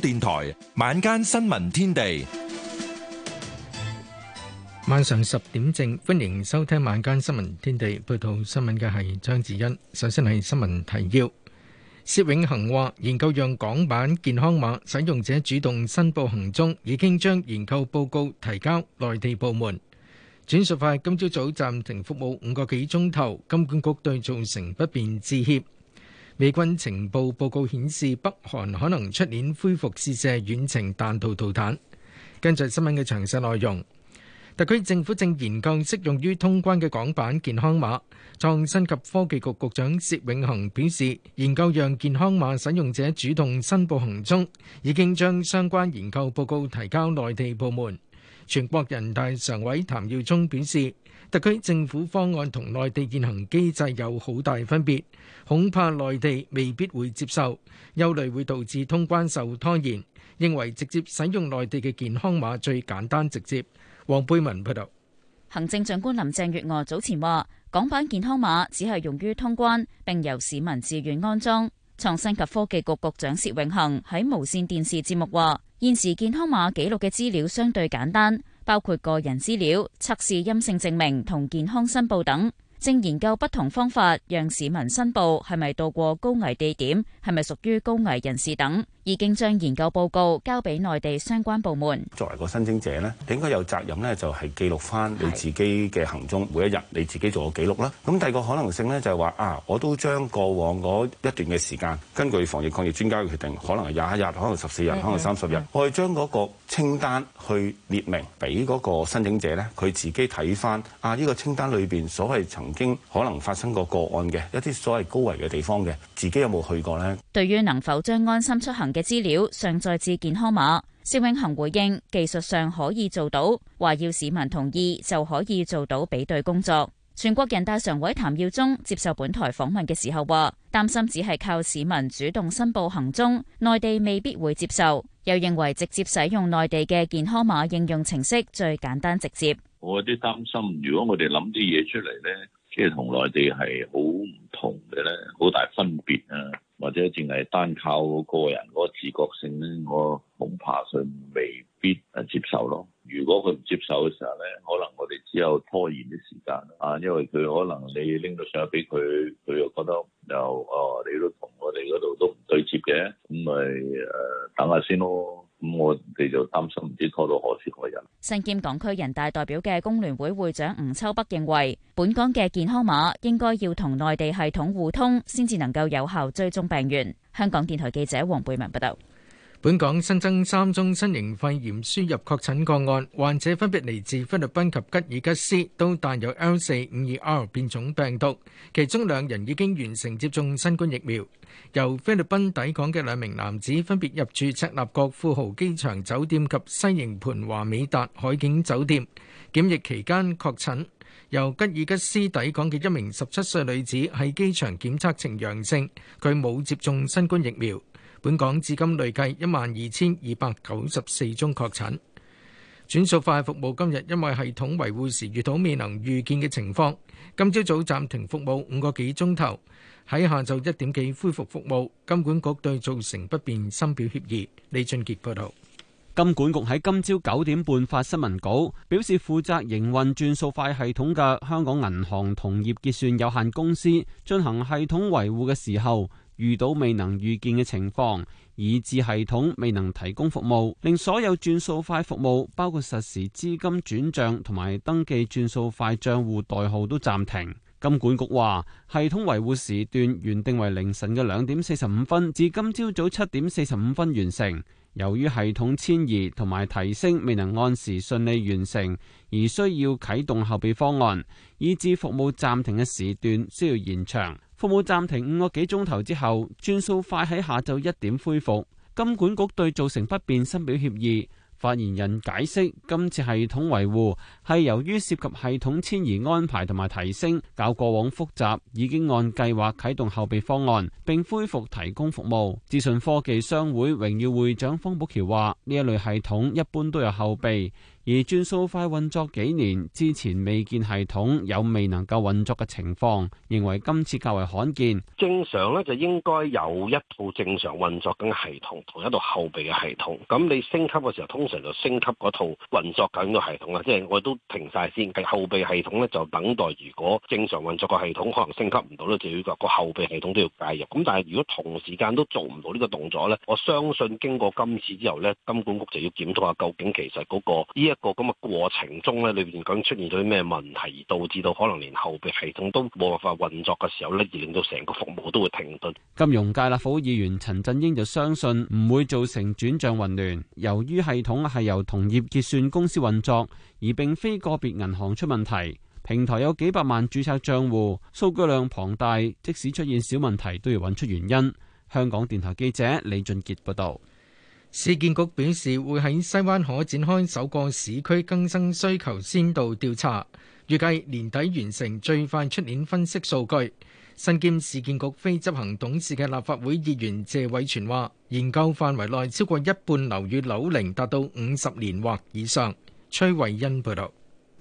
電台晚間新聞天地，晚上十點正，歡迎收聽晚間新聞天地。報道新聞嘅係張智欣。首先係新聞提要：薛永恒話，研究讓港版健康碼使用者主動申報行蹤，已經將研究報告提交內地部門。轉數快今朝早暫停服務五個幾鐘頭，金管局對造成不便致歉。美軍情報報告顯示，北韓可能出年恢復試射遠程彈道導彈。跟住新聞嘅詳細內容，特區政府正研究適用於通關嘅港版健康碼。創新及科技局局，局長薛永恒表示，研究讓健康碼使用者主動申報行蹤，已經將相關研究報告提交內地部門。全國人大常委譚耀宗表示。特區政府方案同內地現行機制有好大分別，恐怕內地未必會接受，憂慮會導致通關受拖延。認為直接使用內地嘅健康碼最簡單直接。黃貝文報道，行政長官林鄭月娥早前話，港版健康碼只係用於通關，並由市民自願安裝。創新及科技局局長薛永恆喺無線電視節目話，現時健康碼記錄嘅資料相對簡單。包括個人資料、測試陰性證明同健康申報等，正研究不同方法，讓市民申報係咪到過高危地點，係咪屬於高危人士等。已經將研究報告交俾內地相關部門。作為個申請者呢，你應該有責任呢，就係記錄翻你自己嘅行蹤，是每一日你自己做個記錄啦。咁第二個可能性呢，就係話啊，我都將過往嗰一段嘅時間，根據防疫抗疫專家嘅決定，可能係廿一日，可能十四日，的可能三十日，的我係將嗰個清單去列明俾嗰個申請者呢，佢自己睇翻啊，呢個清單裏邊所謂曾經可能發生過個案嘅一啲所謂高危嘅地方嘅，自己有冇去過呢？對於能否將安心出行嘅資料上載至健康碼，薛永恒回應技術上可以做到，話要市民同意就可以做到比對工作。全國人大常委譚耀宗接受本台訪問嘅時候話，擔心只係靠市民主動申報行蹤，內地未必會接受。又認為直接使用內地嘅健康碼應用程式最簡單直接。我有啲擔心，如果我哋諗啲嘢出嚟呢，即係同內地係好唔同嘅咧，好大分別啊。或者淨係單靠個人嗰個自覺性咧，我恐怕上未必誒接受咯。如果佢唔接受嘅時候咧，可能我哋只有拖延啲時間啊，因為佢可能你拎到上嚟俾佢，佢又覺得又啊，你都同我哋嗰度都唔對接嘅，咁咪誒等下先咯。咁我哋就擔心唔知拖到何時何日。身兼港區人大代表嘅工聯會會長吳秋北認為，本港嘅健康碼應該要同內地系統互通，先至能夠有效追蹤病源。香港電台記者黃貝文報道。本港新增三宗新型肺炎輸入確診個案，患者分別嚟自菲律賓及吉爾吉斯，都帶有 L 四五二 R 變種病毒，其中兩人已經完成接種新冠疫苗。由菲律賓抵港嘅兩名男子分別入住赤鱲角富豪機場酒店及西營盤華美達海景酒店，檢疫期間確診。由吉爾吉斯抵港嘅一名十七歲女子喺機場檢測呈陽性，佢冇接種新冠疫苗。本港至今累計一萬二千二百九十四宗確診。轉數快服務今日因為系統維護時遇到未能預見嘅情況，今朝早暫停服務五個幾鐘頭，喺下晝一點幾恢復服務。金管局對造成不便深表歉意。李俊傑報導。金管局喺今朝九點半發新聞稿，表示負責營運轉數快系統嘅香港銀行同業結算有限公司進行系統維護嘅時候，遇到未能預見嘅情況，以致系統未能提供服務，令所有轉數快服務，包括實時資金轉賬同埋登記轉數快賬戶代號都暫停。金管局話，系統維護時段原定為凌晨嘅兩點四十五分，至今朝早七點四十五分完成。由於系統遷移同埋提升未能按時順利完成，而需要啟動後備方案，以致服務暫停嘅時段需要延長。服務暫停五個幾鐘頭之後，轉數快喺下晝一點恢復。金管局對造成不便深表歉意。發言人解釋，今次系統維護係由於涉及系統遷移安排同埋提升，較過往複雜，已經按計劃啟動後備方案，並恢復提供服務。資訊科技商會榮譽會長方保僑話：呢一類系統一般都有後備。而轉數快運作幾年之前未見系統有未能夠運作嘅情況，認為今次較為罕見。正常咧就應該有一套正常運作緊系統，同一套後備嘅系統。咁你升級嘅時候，通常就升級嗰套運作緊嘅系統啦，即係我都停晒先，後備系統咧就等待。如果正常運作嘅系統可能升級唔到咧，就要個後備系統都要介入。咁但係如果同時間都做唔到呢個動作咧，我相信經過今次之後咧，金管局就要檢討下究竟其實嗰個個咁嘅過程中呢，裏面講出現咗啲咩問題，而導致到可能連後備系統都冇辦法運作嘅時候呢，而令到成個服務都會停頓。金融界立法會議員陳振英就相信唔會造成轉賬混亂，由於系統係由同業結算公司運作，而並非個別銀行出問題。平台有幾百萬註冊賬戶，數據量龐大，即使出現小問題都要揾出原因。香港電台記者李俊傑報道。市建局表示會喺西灣河展開首個市區更新需求先導調查，預計年底完成，最快出年分析數據。身兼市建局非執行董事嘅立法會議員謝偉全話，研究範圍內超過一半樓宇樓齡達到五十年或以上。崔慧欣報道。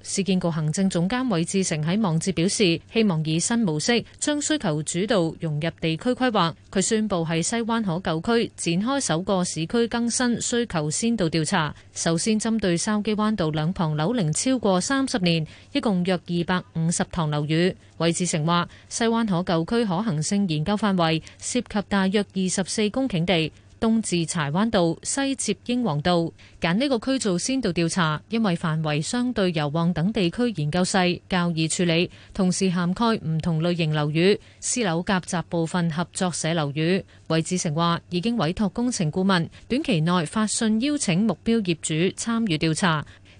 市建局行政總監韋志成喺網誌表示，希望以新模式將需求主導融入地區規劃。佢宣布喺西灣河舊區展開首個市區更新需求先導調查，首先針對筲箕灣道兩旁樓齡超過三十年，一共約二百五十堂樓宇。韋志成話，西灣河舊區可行性研究範圍涉及大約二十四公頃地，東至柴灣道，西接英皇道，揀呢個區做先導調查，因為範圍相對油旺等地區研究細，較易處理，同時涵蓋唔同類型樓宇，私樓夾雜部分合作社樓宇。韋志成話：已經委託工程顧問，短期內發信邀請目標業主參與調查。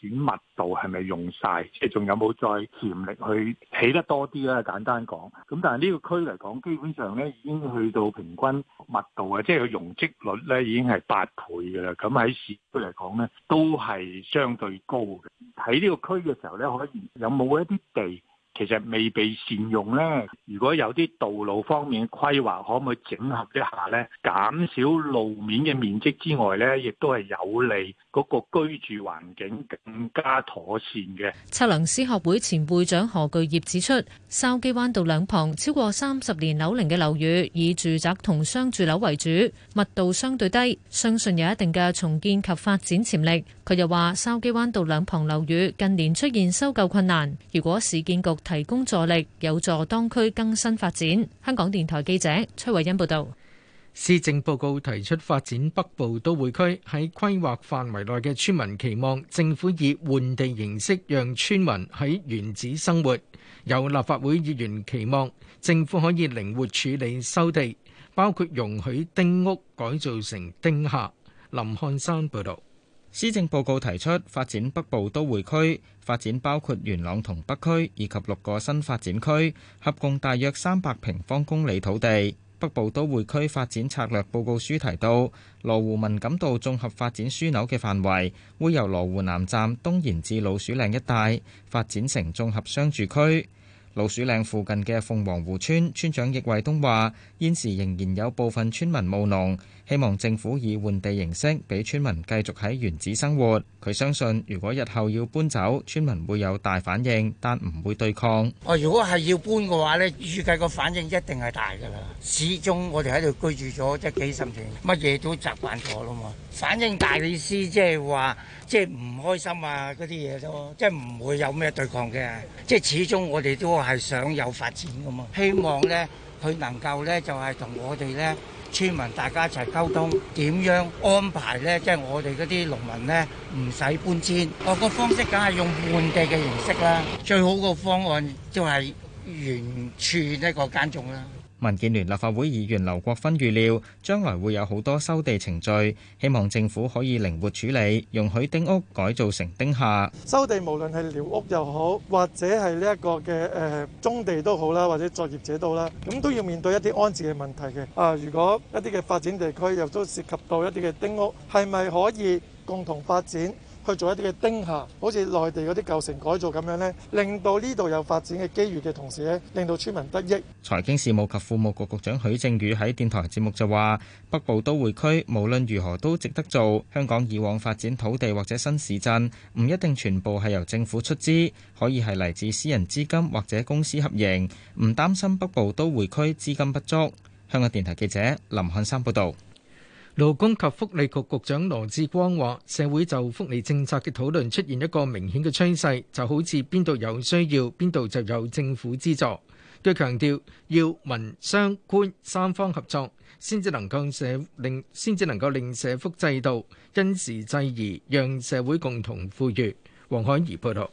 建密度係咪用晒？即係仲有冇再潛力去起得多啲咧？簡單講，咁但係呢個區嚟講，基本上咧已經去到平均密度啊，即係佢容積率咧已經係八倍嘅啦。咁喺市區嚟講咧，都係相對高嘅。喺呢個區嘅時候咧，可以有冇一啲地，其實未被善用咧，如果有啲道路方面規劃，可唔可以整合一下咧？減少路面嘅面積之外咧，亦都係有利嗰個居住環境更加妥善嘅。測量師學會前會長何巨業指出，筲箕灣道兩旁超過三十年樓齡嘅樓宇，以住宅同商住樓為主，密度相對低，相信有一定嘅重建及發展潛力。佢又話：筲箕灣道兩旁樓宇近年出現收購困難，如果市建局提供助力，有助當區更新發展。香港電台記者崔慧欣報道。施政報告提出發展北部都會區，喺規劃範圍內嘅村民期望政府以換地形式讓村民喺原址生活。有立法會議員期望政府可以靈活處理收地，包括容許丁屋改造成丁廈。林漢山報道。施政報告提出發展北部都會區，發展包括元朗同北區以及六個新發展區，合共大約三百平方公里土地。北部都會區發展策略報告書提到，羅湖文錦渡綜合發展樞紐嘅範圍會由羅湖南站東延至老鼠嶺一帶，發展成綜合商住區。老鼠嶺附近嘅鳳凰湖村村長易惠東話。現時仍然有部分村民務農，希望政府以換地形式俾村民繼續喺原址生活。佢相信，如果日後要搬走，村民會有大反應，但唔會對抗。哦，如果係要搬嘅話咧，預計個反應一定係大噶啦。始終我哋喺度居住咗即係幾十年，乜嘢都習慣咗啦嘛。反應大嘅意思，即係話即係唔開心啊嗰啲嘢咯，即係唔會有咩對抗嘅。即係始終我哋都係想有發展噶嘛，希望咧。佢能夠咧就係、是、同我哋咧村民大家一齊溝通，點樣安排咧？即、就、係、是、我哋嗰啲農民咧唔使搬遷。我，哦那個方式梗係用換地嘅形式啦，最好個方案就係原處呢個耕種啦。民建聯立法會議員劉國勳預料，將來會有好多收地程序，希望政府可以靈活處理，容許丁屋改造成丁廈。收地無論係寮屋又好，或者係呢一個嘅誒棕地都好啦，或者作業者都啦，咁都要面對一啲安置嘅問題嘅。啊，如果一啲嘅發展地區又都涉及到一啲嘅丁屋，係咪可以共同發展？去做一啲嘅丁下，好似內地嗰啲舊城改造咁樣咧，令到呢度有發展嘅機遇嘅同時，咧，令到村民得益。財經事務及庫務局局長許正宇喺電台節目就話：北部都會區無論如何都值得做。香港以往發展土地或者新市鎮，唔一定全部係由政府出資，可以係嚟自私人資金或者公司合營，唔擔心北部都會區資金不足。香港電台記者林漢山報道。勞工及福利局局長羅致光話，社會就福利政策嘅討論出現一個明顯嘅趨勢，就好似邊度有需要，邊度就有政府資助。佢強調要民商官三方合作，先至能夠社令，先至能夠令社福制度因時制宜，讓社會共同富裕。黃海怡報道。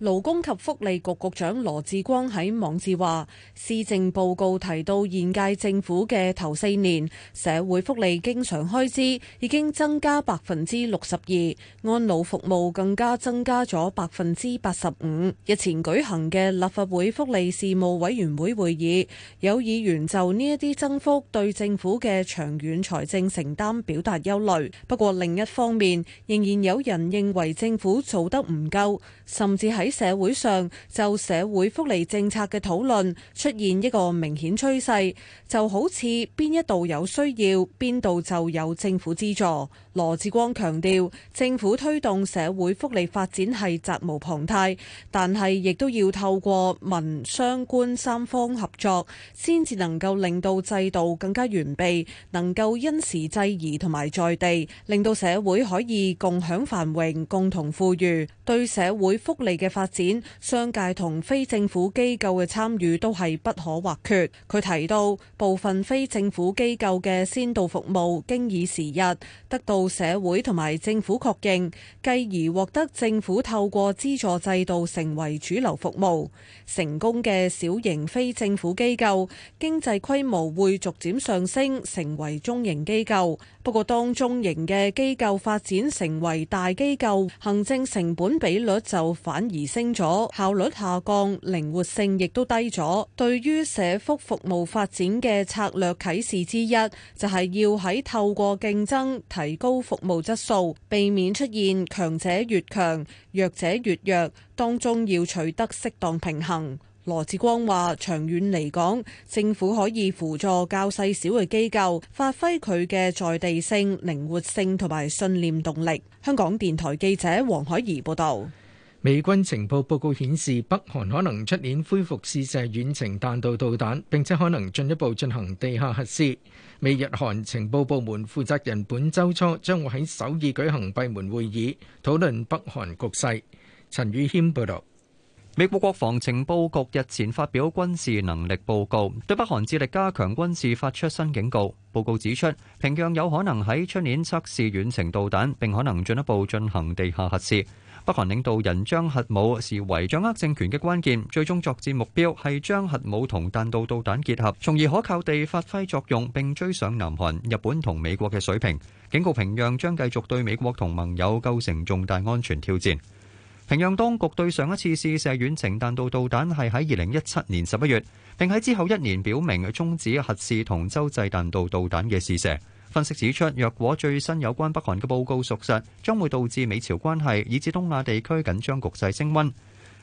勞工及福利局局長羅志光喺網誌話，施政報告提到現屆政府嘅頭四年社會福利經常開支已經增加百分之六十二，安老服務更加增加咗百分之八十五。日前舉行嘅立法會福利事務委員會會議，有議員就呢一啲增幅對政府嘅長遠財政承擔表達憂慮。不過另一方面，仍然有人認為政府做得唔夠，甚至喺社會上就社會福利政策嘅討論出現一個明顯趨勢，就好似邊一度有需要，邊度就有政府資助。羅志光強調，政府推動社會福利發展係責無旁貸，但係亦都要透過民、商、官三方合作，先至能夠令到制度更加完備，能夠因時制宜同埋在地，令到社會可以共享繁榮、共同富裕。對社會福利嘅發展，商界同非政府機構嘅參與都係不可或缺。佢提到部分非政府機構嘅先導服務，經已時日得到。社會同埋政府確認繼而獲得政府透過資助制度成為主流服務成功嘅小型非政府機構經濟規模會逐漸上升，成為中型機構。不過當中型嘅機構發展成為大機構，行政成本比率就反而升咗，效率下降，靈活性亦都低咗。對於社福服務發展嘅策略啟示之一，就係要喺透過競爭提高高服務質素，避免出現強者越強、弱者越弱，當中要取得適當平衡。羅志光話：長遠嚟講，政府可以輔助較細小嘅機構，發揮佢嘅在地性、靈活性同埋信念動力。香港電台記者黃海怡報道。美軍情報報告顯示，北韓可能出年恢復試射遠程彈道導彈，並且可能進一步進行地下核試。美日韓情報部門負責人本週初將會喺首爾舉行閉門會議，討論北韓局勢。陳宇謙報道。美國國防情報局日前發表軍事能力報告，對北韓致力加強軍事發出新警告。報告指出，平壤有可能喺出年測試遠程導彈，並可能進一步進行地下核試。北韓領導人將核武視為掌握政權嘅關鍵，最終作戰目標係將核武同彈道導彈結合，從而可靠地發揮作用並追上南韓、日本同美國嘅水平。警告平壤將繼續對美國同盟友構成重大安全挑戰。平壤當局對上一次試射遠程彈道導彈係喺二零一七年十一月，並喺之後一年表明終止核試同洲際彈道導彈嘅試射。分析指出，若果最新有關北韓嘅報告屬實，將會導致美朝關係以至東亞地區緊張局勢升溫。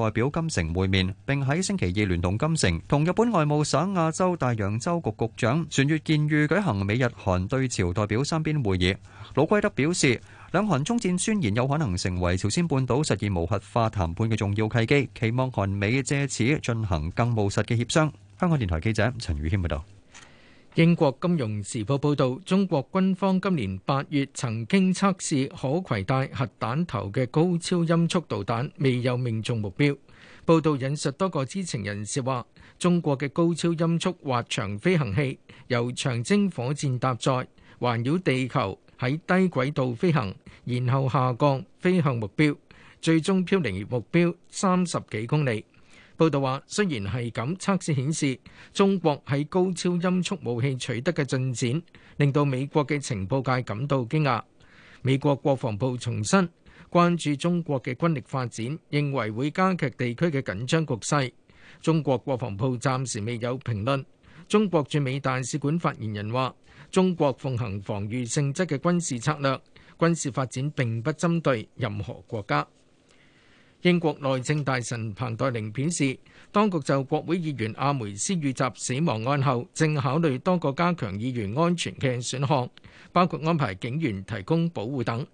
代表金城會面，並喺星期二聯同金城同日本外務省亞洲大洋洲局局長船越健裕舉行美日韓對朝代表三邊會議。盧圭德表示，兩韓終戰宣言有可能成為朝鮮半島實現無核化談判嘅重要契機，期望韓美藉此進行更務實嘅協商。香港電台記者陳宇謙報道。英國金融時報報道，中國軍方今年八月曾經測試可携帶核彈頭嘅高超音速導彈，未有命中目標。報道引述多個知情人士話，中國嘅高超音速滑翔飛行器由長征火箭搭載，環繞地球喺低軌道飛行，然後下降飛向目標，最終飄離目標三十幾公里。報道話，雖然係咁，測試顯示中國喺高超音速武器取得嘅進展，令到美國嘅情報界感到驚訝。美國國防部重申關注中國嘅軍力發展，認為會加劇地區嘅緊張局勢。中國國防部暫時未有評論。中國駐美大使館發言人話：中國奉行防禦性質嘅軍事策略，軍事發展並不針對任何國家。英國內政大臣彭黛玲表示，當局就國會議員阿梅斯遇襲死亡案後，正考慮多個加強議員安全嘅選項，包括安排警員提供保護等。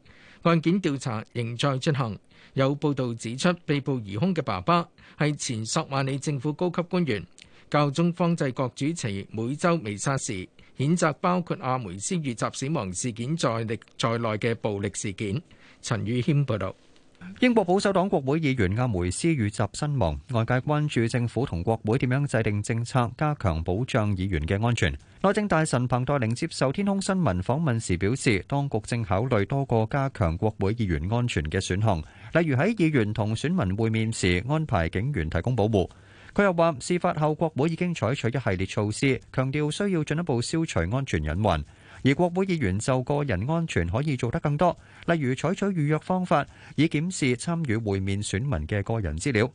案件調查仍在進行，有報道指出，被捕疑兇嘅爸爸係前索馬里政府高級官員。教宗方濟各主持每周彌撒時，譴責包括阿梅斯遇襲死亡事件在力在內嘅暴力事件。陳宇謙報道。英國保守黨國會議員阿梅斯遇襲身亡，外界關注政府同國會點樣制定政策加強保障議員嘅安全。內政大臣彭黛玲接受天空新聞訪問時表示，當局正考慮多個加強國會議員安全嘅選項，例如喺議員同選民會面時安排警員提供保護。佢又話，事發後國會已經採取一系列措施，強調需要進一步消除安全隱患。而國會議員就個人安全可以做得更多，例如採取預約方法，以檢視參與會面選民嘅個人資料。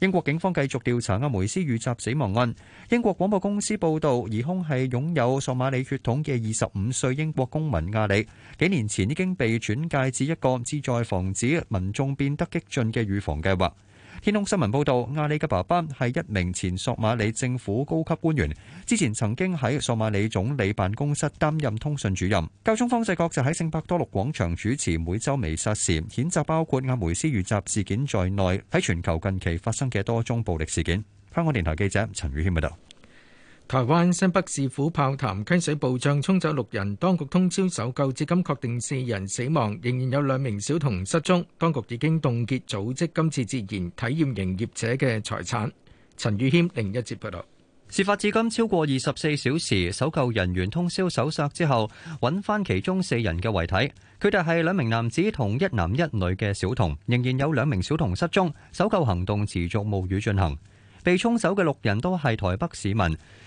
英國警方繼續調查阿梅斯遇襲死亡案。英國廣播公司報道，疑兇係擁有索馬里血統嘅二十五歲英國公民阿里，幾年前已經被轉介至一個旨在防止民眾變得激進嘅預防計劃。天空新聞報導，阿里嘅爸爸係一名前索馬里政府高級官員，之前曾經喺索馬里總理辦公室擔任通訊主任。教宗方濟各就喺聖伯多祿廣場主持每週彌撒時，譴責包括阿梅斯遇襲事件在內，喺全球近期發生嘅多宗暴力事件。香港電台記者陳宇軒報導。台灣新北市虎豹潭溪水暴漲，沖走六人，當局通宵搜救，至今確定四人死亡，仍然有兩名小童失蹤。當局已經凍結組織今次自然體驗營業者嘅財產。陳宇謙另一節報道，事發至今超過二十四小時，搜救人員通宵搜索之後，搵返其中四人嘅遺體。佢哋係兩名男子同一男一女嘅小童，仍然有兩名小童失蹤。搜救行動持續冒雨進行，被沖走嘅六人都係台北市民。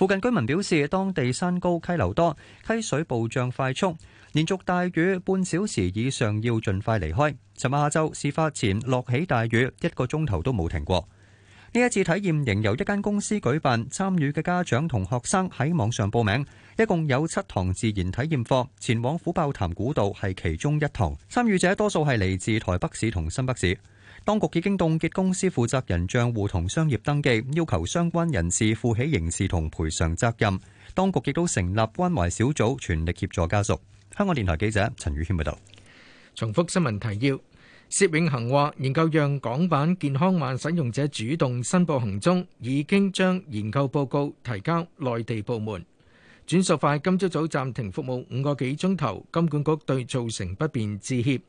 附近居民表示，當地山高溪流多，溪水暴漲快速，連續大雨半小時以上，要盡快離開。尋日下晝事發前落起大雨，一個鐘頭都冇停過。呢一次體驗營由一間公司舉辦，參與嘅家長同學生喺網上報名，一共有七堂自然體驗課，前往虎豹潭古道係其中一堂。參與者多數係嚟自台北市同新北市。當局已經凍結公司負責人帳戶同商業登記，要求相關人士負起刑事同賠償責任。當局亦都成立關懷小組，全力協助家屬。香港電台記者陳宇軒報道。重複新聞提要：薛永恒話，研究讓港版健康碼使用者主動申報行蹤，已經將研究報告提交內地部門。轉數快今朝早暫停服務五個幾鐘頭，金管局對造成不便致歉。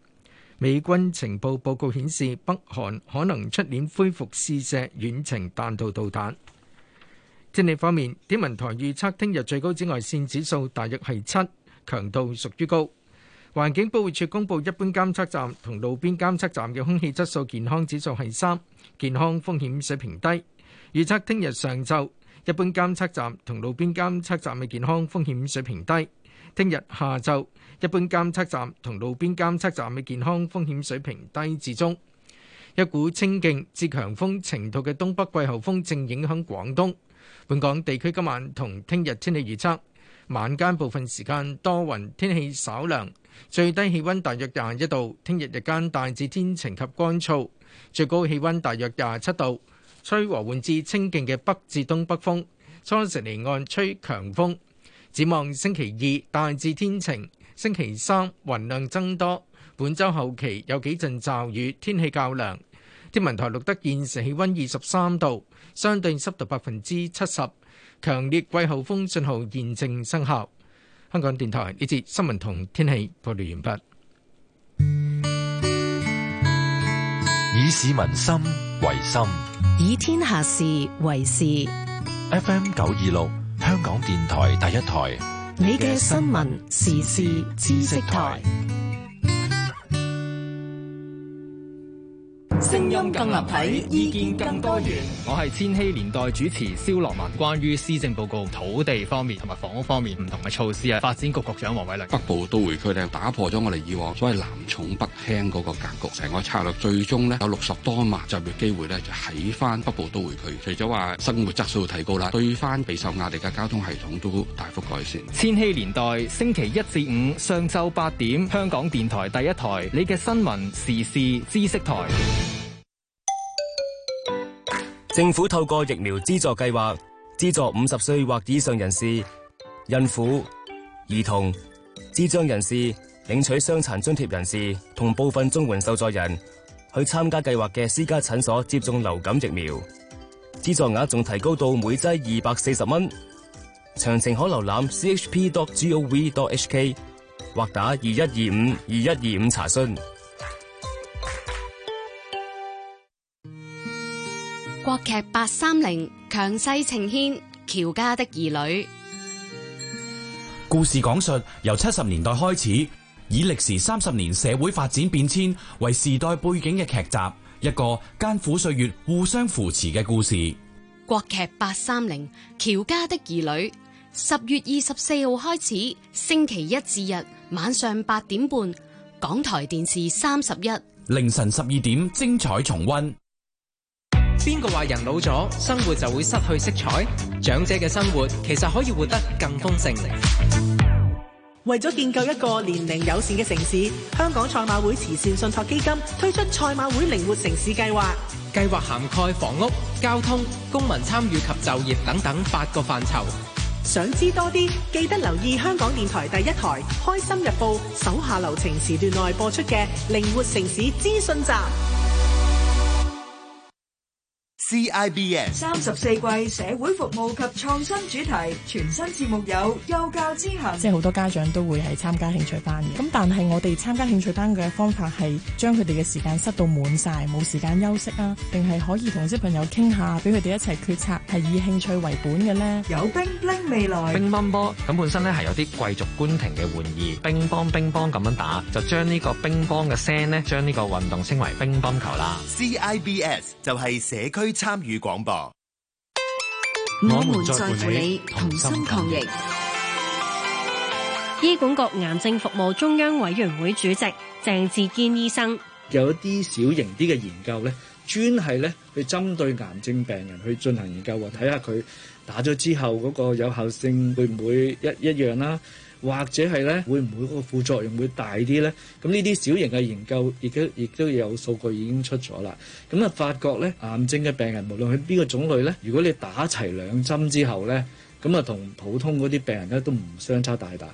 美軍情報報告顯示，北韓可能出年恢復試射遠程彈道導彈。天氣方面，天文台預測聽日最高紫外線指數大約係七，強度屬於高。環境保護署公布，一般監測站同路邊監測站嘅空氣質素健康指數係三，健康風險水平低。預測聽日上晝，一般監測站同路邊監測站嘅健康風險水平低。聽日下晝，一般監測站同路邊監測站嘅健康風險水平低至中。一股清勁至強風程度嘅東北季候風正影響廣東。本港地區今晚同聽日天氣預測，晚間部分時間多雲，天氣稍涼，最低氣温大約廿一度。聽日日間大致天晴及乾燥，最高氣温大約廿七度，吹和緩至清勁嘅北至東北風，初時離岸吹強風。展望星期二大致天晴，星期三雲量增多。本周後期有幾陣驟雨，天氣較涼。天文台錄得現時氣溫二十三度，相對濕度百分之七十，強烈季候風信號現正生效。香港電台呢節新聞同天氣報道完畢。以市民心為心，以天下事為事。F.M. 九二六。香港電台第一台，你嘅新聞時事知識台。聲音更立體，意見更多元。我係千禧年代主持蕭樂文。關於施政報告土地方面同埋房屋方面唔同嘅措施啊，發展局局長黃偉綸。北部都會區咧，打破咗我哋以往所謂南重北輕嗰個格局，成個策略最終呢，有六十多萬就業機會呢，就喺翻北部都會區。除咗話生活質素提高啦，對翻備受壓力嘅交通系統都大幅改善。千禧年代星期一至五上晝八點，香港電台第一台，你嘅新聞時事知識台。政府透過疫苗資助計劃，資助五十歲或以上人士、孕婦、兒童、智障人士、領取傷殘津貼人士同部分綜援受助人去參加計劃嘅私家診所接種流感疫苗。資助額仲提高到每劑二百四十蚊。詳情可瀏覽 chp.gov.hk 或打二一二五二一二五查詢。國劇八三零強勢呈現《喬家的兒女》，故事講述由七十年代開始，以歷時三十年社會發展變遷為時代背景嘅劇集，一個艱苦歲月互相扶持嘅故事。國劇八三零《喬家的兒女》，十月二十四號開始，星期一至日晚上八點半，港台電視三十一，凌晨十二點精彩重溫。邊個話人老咗生活就會失去色彩？長者嘅生活其實可以活得更豐盛。為咗建構一個年齡友善嘅城市，香港賽馬會慈善信託基金推出賽馬會靈活城市計劃，計劃涵蓋房屋、交通、公民參與及就業等等八個範疇。想知多啲，記得留意香港電台第一台《開心日報》手下留情時段內播出嘅靈活城市資訊站」。CIBS 三十四季社會服務及創新主題，全新節目有幼教之行。即係好多家長都會係參加興趣班嘅。咁但係我哋參加興趣班嘅方法係將佢哋嘅時間塞到滿晒，冇時間休息啊。定係可以同啲朋友傾下，俾佢哋一齊決策，係以興趣為本嘅呢？有冰冰未來乒乓波，咁本身咧係有啲貴族官廷嘅玩意，乒乓乒乓咁樣打，就將呢個乒乓嘅聲咧，將呢個運動稱為乒乓球啦。CIBS 就係社區參與廣播，我們在乎你，同心抗疫。同同醫管局癌症服務中央委員會主席鄭志堅醫生，有一啲小型啲嘅研究咧，專係咧去針對癌症病人去進行研究，睇下佢打咗之後嗰個有效性會唔會一一樣啦。或者係咧，會唔會嗰個副作用會大啲咧？咁呢啲小型嘅研究亦都亦都有數據已經出咗啦。咁啊，發覺咧，癌症嘅病人無論係邊個種類咧，如果你打齊兩針之後咧，咁啊，同普通嗰啲病人咧都唔相差大大。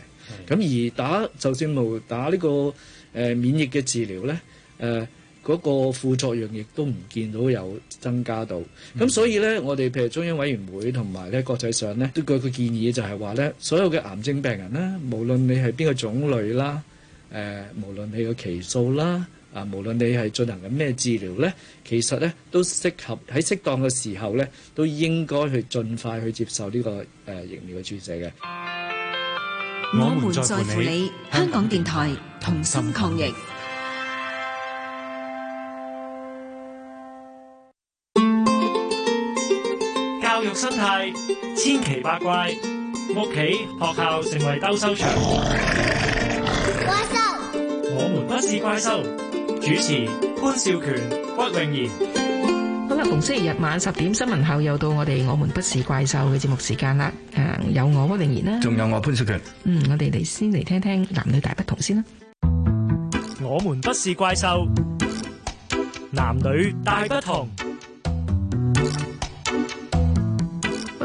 咁是而打就算冇打呢、呢個誒、呃、免疫嘅治療咧，誒、呃。嗰個副作用亦都唔見到有增加到，咁、mm hmm. 所以呢，我哋譬如中央委員會同埋咧國際上呢，都據佢建議就係話呢，所有嘅癌症病人啦，無論你係邊個種類啦，誒、呃，無論你嘅期數啦，啊，無論你係進行緊咩治療呢，其實呢都適合喺適當嘅時候呢，都應該去盡快去接受呢、這個誒、呃、疫苗嘅注射嘅。我們在乎你，香港電台同心抗疫。生態千奇百怪，屋企學校成為兜收場。怪獸，我們不是怪獸。主持潘少權、屈穎妍。好啦，逢星期日晚十點新聞後，又到我哋我們不是怪獸嘅節目時間啦。誒，有我屈穎妍啦，仲有我潘少權。嗯，我哋嚟先嚟聽聽男女大不同先啦。我們不是怪獸，男女大不同。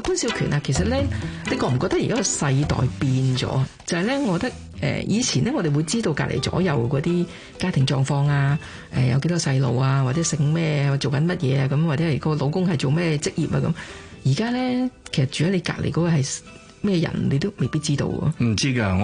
潘少權啊，其實咧，你覺唔覺得而家個世代變咗？就係咧，我覺得誒，以前咧，我哋會知道隔籬左右嗰啲家庭狀況啊，誒，有幾多細路啊，或者姓咩，做緊乜嘢啊，咁或者係個老公係做咩職業啊，咁而家咧，其實住喺你隔籬嗰個係咩人，你都未必知道。唔知㗎。